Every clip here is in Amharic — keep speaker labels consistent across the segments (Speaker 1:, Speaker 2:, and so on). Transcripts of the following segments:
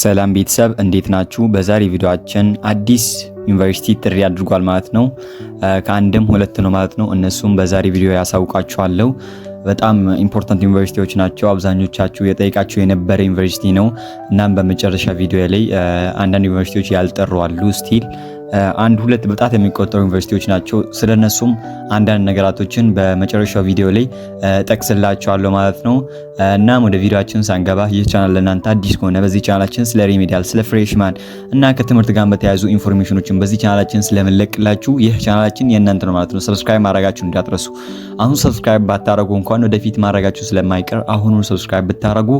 Speaker 1: ሰላም ቤተሰብ እንዴት ናችሁ? በዛሬ ቪዲዮአችን አዲስ ዩኒቨርሲቲ ጥሪ አድርጓል ማለት ነው። ከአንድም ሁለት ነው ማለት ነው። እነሱም በዛሬ ቪዲዮ ያሳውቃችኋለሁ። በጣም ኢምፖርታንት ዩኒቨርሲቲዎች ናቸው። አብዛኞቻችሁ የጠይቃችሁ የነበረ ዩኒቨርሲቲ ነው። እናም በመጨረሻ ቪዲዮ ላይ አንዳንድ ዩኒቨርሲቲዎች ያልጠሩ አሉ ስቲል አንድ ሁለት በጣት የሚቆጠሩ ዩኒቨርሲቲዎች ናቸው። ስለነሱም አንዳንድ ነገራቶችን በመጨረሻው ቪዲዮ ላይ ጠቅስላቸዋለሁ ማለት ነው። እናም ወደ ቪዲዮችን ሳንገባ ይህ ቻናል ለእናንተ አዲስ ከሆነ በዚህ ቻናላችን ስለ ሪሜዲያል፣ ስለ ፍሬሽማን እና ከትምህርት ጋር በተያያዙ ኢንፎርሜሽኖችን በዚህ ቻናላችን ስለምንለቅላችሁ ይህ ቻናላችን የእናንተ ነው ማለት ነው። ሰብስክራይብ ማድረጋችሁ እንዳትረሱ። አሁን ሰብስክራይብ ባታረጉ እንኳን ወደፊት ማድረጋችሁ ስለማይቀር አሁኑ ሰብስክራይብ ብታረጉ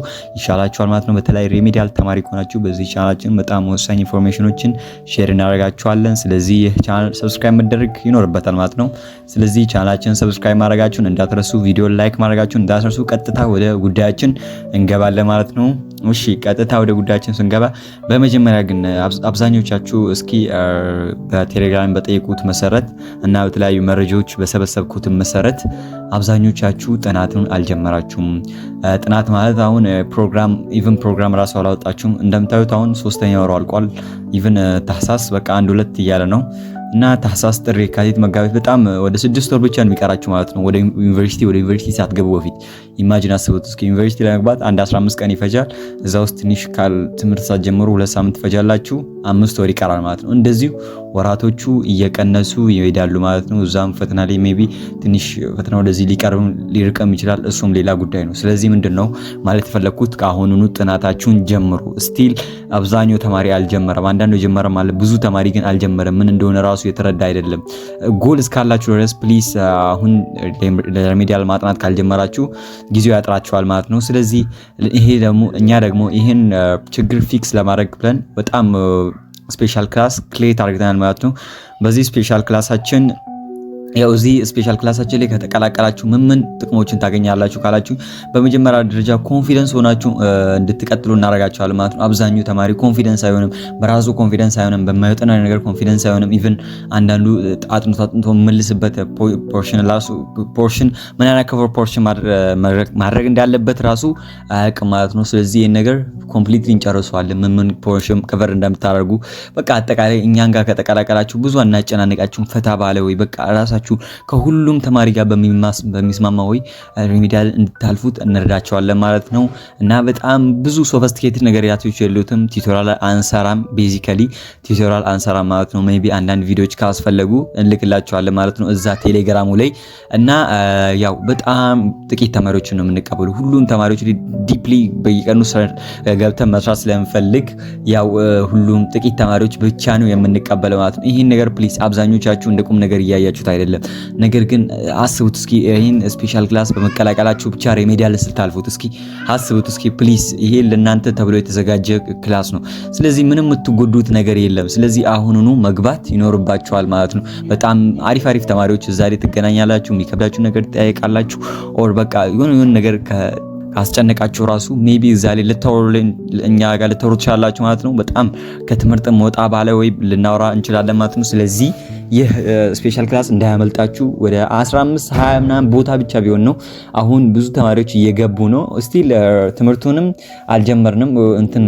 Speaker 1: ይሻላችኋል ማለት ነው። በተለይ ሪሜዲያል ተማሪ ከሆናችሁ በዚህ ቻናላችን በጣም ወሳኝ ኢንፎርሜሽኖችን ሼር እናደርጋችኋል። እናቀርባለን። ስለዚህ ይህ ቻናል ሰብስክራይብ መደረግ ይኖርበታል ማለት ነው። ስለዚህ ቻናላችን ሰብስክራይብ ማድረጋችሁን እንዳትረሱ፣ ቪዲዮ ላይክ ማድረጋችሁን እንዳትረሱ። ቀጥታ ወደ ጉዳያችን እንገባለን ማለት ነው። እሺ ቀጥታ ወደ ጉዳያችን ስንገባ በመጀመሪያ ግን አብዛኞቻችሁ እስኪ በቴሌግራም በጠየቁት መሰረት እና በተለያዩ መረጃዎች በሰበሰብኩት መሰረት አብዛኞቻችሁ ጥናትን አልጀመራችሁም። ጥናት ማለት አሁን ፕሮግራም ኢቨን ፕሮግራም ራሱ አላወጣችሁም። እንደምታዩት አሁን ሶስተኛ ወሩ አልቋል። ኢቭን ታህሳስ በቃ አንድ ሁለት እያለ ነው እና ታህሳስ፣ ጥር፣ የካቲት፣ መጋቢት በጣም ወደ ስድስት ወር ብቻ ነው የሚቀራችሁ ማለት ነው ወደ ዩኒቨርሲቲ ወደ ዩኒቨርሲቲ ሳትገቡ በፊት ኢማጂን አስቡት እስኪ ዩኒቨርሲቲ ለመግባት አንድ 15 ቀን ይፈጃል። እዛ ውስጥ ትንሽ ካል ትምህርት ሳትጀምሩ ሁለት ሳምንት ትፈጃላችሁ። አምስት ወር ይቀራል ማለት ነው። እንደዚሁ ወራቶቹ እየቀነሱ ይሄዳሉ ማለት ነው። እዛም ፈተና ላይ ሜይ ቢ ትንሽ ፈተና ወደዚህ ሊቀርብም ሊርቅም ይችላል። እሱም ሌላ ጉዳይ ነው። ስለዚህ ምንድን ነው ማለት የፈለግኩት ከአሁኑኑ ጥናታችሁን ጀምሩ። ስቲል አብዛኛው ተማሪ አልጀመረም። አንዳንዱ የጀመረም አለ። ብዙ ተማሪ ግን አልጀመረም። ምን እንደሆነ ራሱ ራሱ የተረዳ አይደለም። ጎል እስካላችሁ ድረስ ፕሊስ አሁን ለሪሜዲያል ማጥናት ካልጀመራችሁ ጊዜው ያጥራችኋል ማለት ነው። ስለዚህ ይሄ ደግሞ እኛ ደግሞ ይህን ችግር ፊክስ ለማድረግ ብለን በጣም ስፔሻል ክላስ ክሌት አድርገናል ማለት ነው። በዚህ ስፔሻል ክላሳችን ያው እዚህ ስፔሻል ክላሳችን ላይ ከተቀላቀላችሁ ምን ምን ጥቅሞችን ታገኛላችሁ ካላችሁ፣ በመጀመሪያ ደረጃ ኮንፊደንስ ሆናችሁ እንድትቀጥሉ እናደርጋችኋል ማለት ነው። አብዛኛው ተማሪ ኮንፊደንስ አይሆንም፣ በራሱ ኮንፊደንስ አይሆንም፣ በማይወጥና ነገር ኮንፊደንስ አይሆንም። ኢቭን አንዳንዱ አጥንቶ አጥንቶ የምልስበት ፖርሽን ራሱ ፖርሽን ምን አይነት ከቨር ፖርሽን ማድረግ እንዳለበት ራሱ አያውቅም ማለት ነው። ስለዚህ ይህን ነገር ኮምፕሊትሊ እንጨርሰዋለን፣ ምን ምን ፖርሽን ከቨር እንደምታደርጉ። በቃ አጠቃላይ እኛን ጋር ከተቀላቀላችሁ ብዙ አናጨናንቃችሁም። ፈታ ባለ ወይ በቃ ራሳ ራሳችሁ ከሁሉም ተማሪ ጋር በሚስማማ ወይ ሪሚዲያል እንድታልፉት እንረዳቸዋለን ማለት ነው እና በጣም ብዙ ሶፈስቲኬትድ ነገርያቶች የሉትም። ቲቶራል አንሰራም፣ ቤዚካሊ ቲቶራል አንሰራም ማለት ነው። ሜይ ቢ አንዳንድ ቪዲዮዎች ካስፈለጉ እንልክላቸዋለን ማለት ነው እዛ ቴሌግራሙ ላይ እና ያው በጣም ጥቂት ተማሪዎች ነው የምንቀበሉ። ሁሉም ተማሪዎች ዲፕሊ በየቀኑ ገብተን መስራት ስለምፈልግ ያው ሁሉም ጥቂት ተማሪዎች ብቻ ነው የምንቀበለው ማለት ነው። ይህን ነገር ፕሊስ አብዛኞቻችሁ እንደ ቁም ነገር እያያችሁት አይደለም። አይደለም። ነገር ግን አስቡት እስኪ ይህን ስፔሻል ክላስ በመቀላቀላችሁ ብቻ ሬሜዲያል ስታልፉት እስኪ አስቡት እስኪ ፕሊስ። ይሄ ለእናንተ ተብሎ የተዘጋጀ ክላስ ነው። ስለዚህ ምንም የምትጎዱት ነገር የለም። ስለዚህ አሁኑኑ መግባት ይኖርባችኋል ማለት ነው። በጣም አሪፍ አሪፍ ተማሪዎች እዛ ላይ ትገናኛላችሁ። የሚከብዳችሁ ነገር ትጠያየቃላችሁ። ኦር በቃ የሆነ የሆነ ነገር ካስጨነቃችሁ ራሱ ሜቢ እዛ ላይ ልታወሩልን እኛ ጋር ልታወሩ ትችላላችሁ ማለት ነው። በጣም ከትምህርት ወጣ ባለ ወይ ልናወራ እንችላለን ማለት ነው። ስለዚህ ይህ ስፔሻል ክላስ እንዳያመልጣችሁ። ወደ 15 20 ምናምን ቦታ ብቻ ቢሆን ነው። አሁን ብዙ ተማሪዎች እየገቡ ነው። እስቲል ትምህርቱንም አልጀመርንም እንትን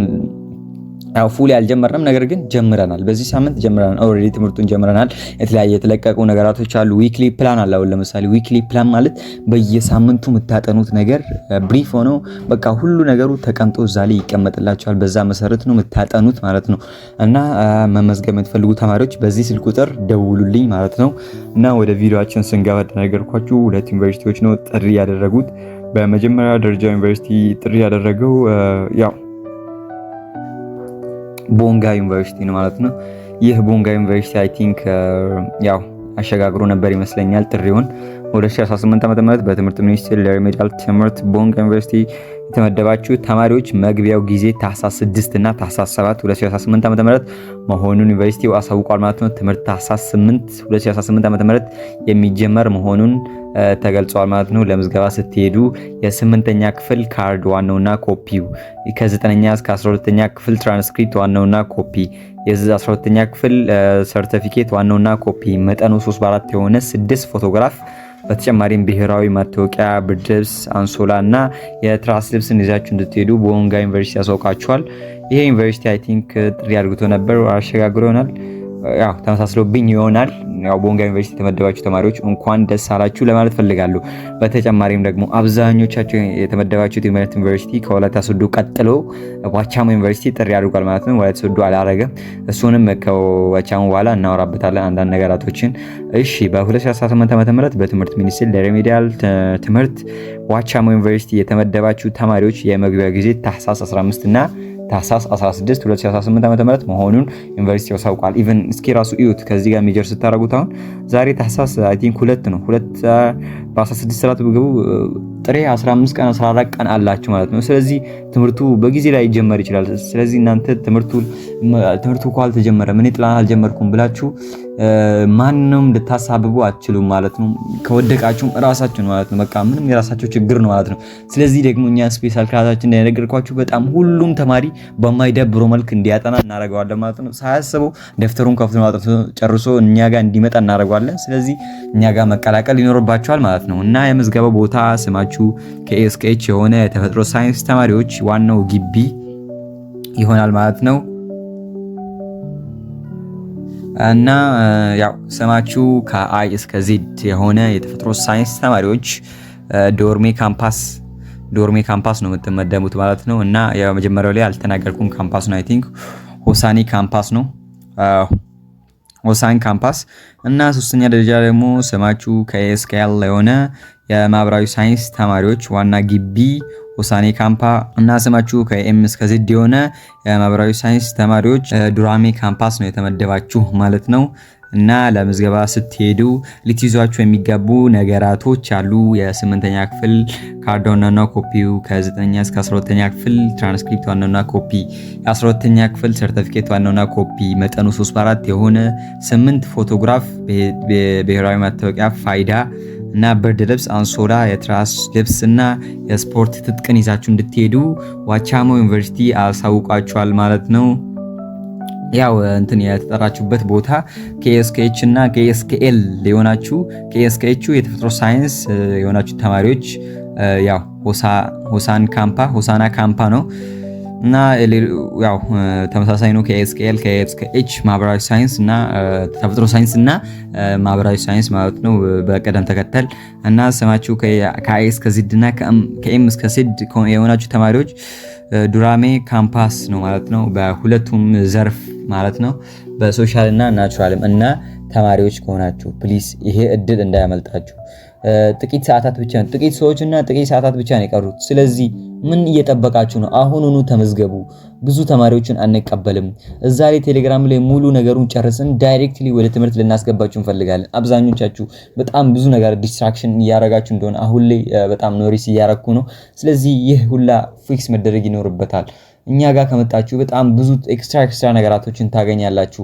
Speaker 1: ያው ፉል ያልጀመርንም ነገር ግን ጀምረናል። በዚህ ሳምንት ጀምረናል። ኦልሬዲ ትምህርቱን ጀምረናል። የተለያየ የተለቀቁ ነገራቶች አሉ። ዊክሊ ፕላን አለ። አሁን ለምሳሌ ዊክሊ ፕላን ማለት በየሳምንቱ የምታጠኑት ነገር ብሪፍ ሆኖ በቃ ሁሉ ነገሩ ተቀምጦ እዛ ላይ ይቀመጥላቸዋል። በዛ መሰረት ነው የምታጠኑት ማለት ነው። እና መመዝገብ የምትፈልጉ ተማሪዎች በዚህ ስልክ ቁጥር ደውሉልኝ ማለት ነው። እና ወደ ቪዲዮችን ስንገባ እንደነገርኳችሁ ሁለት ዩኒቨርሲቲዎች ነው ጥሪ ያደረጉት። በመጀመሪያ ደረጃ ዩኒቨርሲቲ ጥሪ ያደረገው ያው ቦንጋ ዩኒቨርሲቲ ነው ማለት ነው። ይህ ቦንጋ ዩኒቨርሲቲ አይ ቲንክ ያው አሸጋግሮ ነበር ይመስለኛል ጥሪውን 2018 ዓ.ም በትምህርት ሚኒስቴር ለሪሜዲያል ትምህርት ቦንግ ዩኒቨርሲቲ የተመደባችሁ ተማሪዎች መግቢያው ጊዜ ታህሳስ 6 እና ታህሳስ 7 2018 ዓ.ም መሆኑን ዩኒቨርሲቲው አሳውቋል ማለት ነው። ትምህርት ታህሳስ 8 2018 ዓ.ም የሚጀመር መሆኑን ተገልጿል ማለት ነው። ለምዝገባ ስትሄዱ የስምንተኛ ክፍል ካርድ ዋናውና ኮፒው፣ ከ9ኛ እስከ 12ኛ ክፍል ትራንስክሪፕት ዋናውና ኮፒ፣ የ12ኛ ክፍል ሰርተፊኬት ዋናውና ኮፒ፣ መጠኑ 3 በ4 የሆነ 6 ፎቶግራፍ በተጨማሪም ብሔራዊ መታወቂያ፣ ብርድ ልብስ፣ አንሶላ እና የትራስ ልብስን ይዛችሁ እንድትሄዱ በወንጋ ዩኒቨርሲቲ ያሳውቃችኋል። ይሄ ዩኒቨርሲቲ አይ ቲንክ ጥሪ አድርግቶ ነበር አሸጋግሮ ይሆናል ያው ተመሳስሎብኝ ይሆናል ያው ቦንጋ ዩኒቨርሲቲ የተመደባችሁ ተማሪዎች እንኳን ደስ አላችሁ ለማለት ፈልጋለሁ። በተጨማሪም ደግሞ አብዛኞቻቸው የተመደባችሁት የመረት ዩኒቨርሲቲ ከወላይታ ሶዶ ቀጥሎ ዋቻሞ ዩኒቨርሲቲ ጥሪ አድርጓል ማለት ነው። ወላይታ ሶዶ አላረገም። እሱንም ከዋቻሞ በኋላ እናወራበታለን አንዳንድ ነገራቶችን። እሺ በ2018 ዓ ም በትምህርት ሚኒስትር ለሬሜዲያል ትምህርት ዋቻሞ ዩኒቨርሲቲ የተመደባችሁ ተማሪዎች የመግቢያ ጊዜ ታህሳስ 15 እና ታህሳስ 16 2018 ም መሆኑን ዩኒቨርሲቲው አሳውቋል። ኢቨን እስኪ ራሱ እዩት ከዚህ ጋር ሜጀር ስታደረጉት አሁን ዛሬ ታህሳስ አይ ቲንክ ሁለት ነው ሁለት በ16 ሰዓት ብገቡ ጥሬ 15 ቀን 14 ቀን አላችሁ ማለት ነው። ስለዚህ ትምህርቱ በጊዜ ላይ ይጀመር ይችላል። ስለዚህ እናንተ ትምህርቱ ትምህርቱ እኮ አልተጀመረም እኔ ጥላ አልጀመርኩም ብላችሁ ማንም ልታሳብቡ አትችሉም ማለት ነው። ከወደቃችሁም ራሳችሁ ማለት ነው። በቃ ምንም የራሳቸው ችግር ነው ማለት ነው። ስለዚህ ደግሞ እኛ ስፔሻል ክላሳችን እንደነገርኳችሁ በጣም ሁሉም ተማሪ በማይደብሮ መልክ እንዲያጠና እናደርገዋለን ማለት ነው። ሳያስበው ደፍተሩን ከፍቶ ማለት ነው ጨርሶ እኛ ጋር እንዲመጣ እናደርገዋለን። ስለዚህ እኛ ጋር መቀላቀል ይኖርባችኋል ማለት ነው እና የምዝገባ ቦታ ስማችሁ ከኤስኬች የሆነ የተፈጥሮ ሳይንስ ተማሪዎች ዋናው ግቢ ይሆናል ማለት ነው። እና ያው ስማችሁ ከአይ እስከ ዜድ የሆነ የተፈጥሮ ሳይንስ ተማሪዎች ዶርሜ ካምፓስ ዶርሜ ካምፓስ ነው የምትመደቡት ማለት ነው። እና የመጀመሪያው ላይ አልተናገርኩም ካምፓስ ነው አይ ቲንክ ሆሳኒ ካምፓስ ነው ሆሳኒ ካምፓስ እና ሶስተኛ ደረጃ ደግሞ ስማችሁ ከኤስከ የሆነ የማህበራዊ ሳይንስ ተማሪዎች ዋና ግቢ ውሳኔ ካምፓ እና ስማችሁ ከኤም እስከ ዜድ የሆነ የማህበራዊ ሳይንስ ተማሪዎች ዱራሜ ካምፓስ ነው የተመደባችሁ ማለት ነው። እና ለምዝገባ ስትሄዱ ልትይዟቸው የሚገቡ ነገራቶች አሉ። የስምንተኛ ክፍል ካርድ ዋናና ኮፒው፣ ከዘጠነኛ እስከ አስራ ሁለተኛ ክፍል ትራንስክሪፕት ዋናና ኮፒ፣ የአስራ ሁለተኛ ክፍል ሰርተፊኬት ዋናና ኮፒ፣ መጠኑ ሶስት በአራት የሆነ ስምንት ፎቶግራፍ፣ ብሔራዊ መታወቂያ ፋይዳ እና ብርድ ልብስ፣ አንሶላ፣ የትራስ ልብስ እና የስፖርት ትጥቅን ይዛችሁ እንድትሄዱ ዋቻሞ ዩኒቨርሲቲ አሳውቋችኋል ማለት ነው። ያው እንትን የተጠራችሁበት ቦታ ከኤስኬኤች እና ከኤስኬኤል የሆናችሁ ከኤስኬኤቹ የተፈጥሮ ሳይንስ የሆናችሁ ተማሪዎች ያው ሆሳን ካምፓ ሆሳና ካምፓ ነው እና ያው ተመሳሳይ ነው ከኤስኬኤል ከኤች ማህበራዊ ሳይንስ እና ተፈጥሮ ሳይንስ እና ማህበራዊ ሳይንስ ማለት ነው በቅደም ተከተል እና ስማችሁ ከአይስ እስከ እና ከኤም እስከ ሲድ የሆናችሁ ተማሪዎች ዱራሜ ካምፓስ ነው ማለት ነው። በሁለቱም ዘርፍ ማለት ነው በሶሻል እና ናቹራልም እና ተማሪዎች ከሆናችሁ ፕሊስ ይሄ እድል እንዳያመልጣችሁ። ጥቂት ሰዓታት ብቻ ነው ጥቂት ሰዎችና ጥቂት ሰዓታት ብቻ ነው የቀሩት። ስለዚህ ምን እየጠበቃችሁ ነው? አሁኑኑ ተመዝገቡ። ብዙ ተማሪዎችን አንቀበልም። እዛ ላይ ቴሌግራም ላይ ሙሉ ነገሩን ጨርስን፣ ዳይሬክትሊ ወደ ትምህርት ልናስገባችሁ እንፈልጋለን። አብዛኞቻችሁ በጣም ብዙ ነገር ዲስትራክሽን እያረጋችሁ እንደሆነ አሁን ላይ በጣም ኖሪስ እያረኩ ነው። ስለዚህ ይህ ሁላ ፊክስ መደረግ ይኖርበታል። እኛ ጋር ከመጣችሁ በጣም ብዙ ኤክስትራ ኤክስትራ ነገራቶችን ታገኛላችሁ።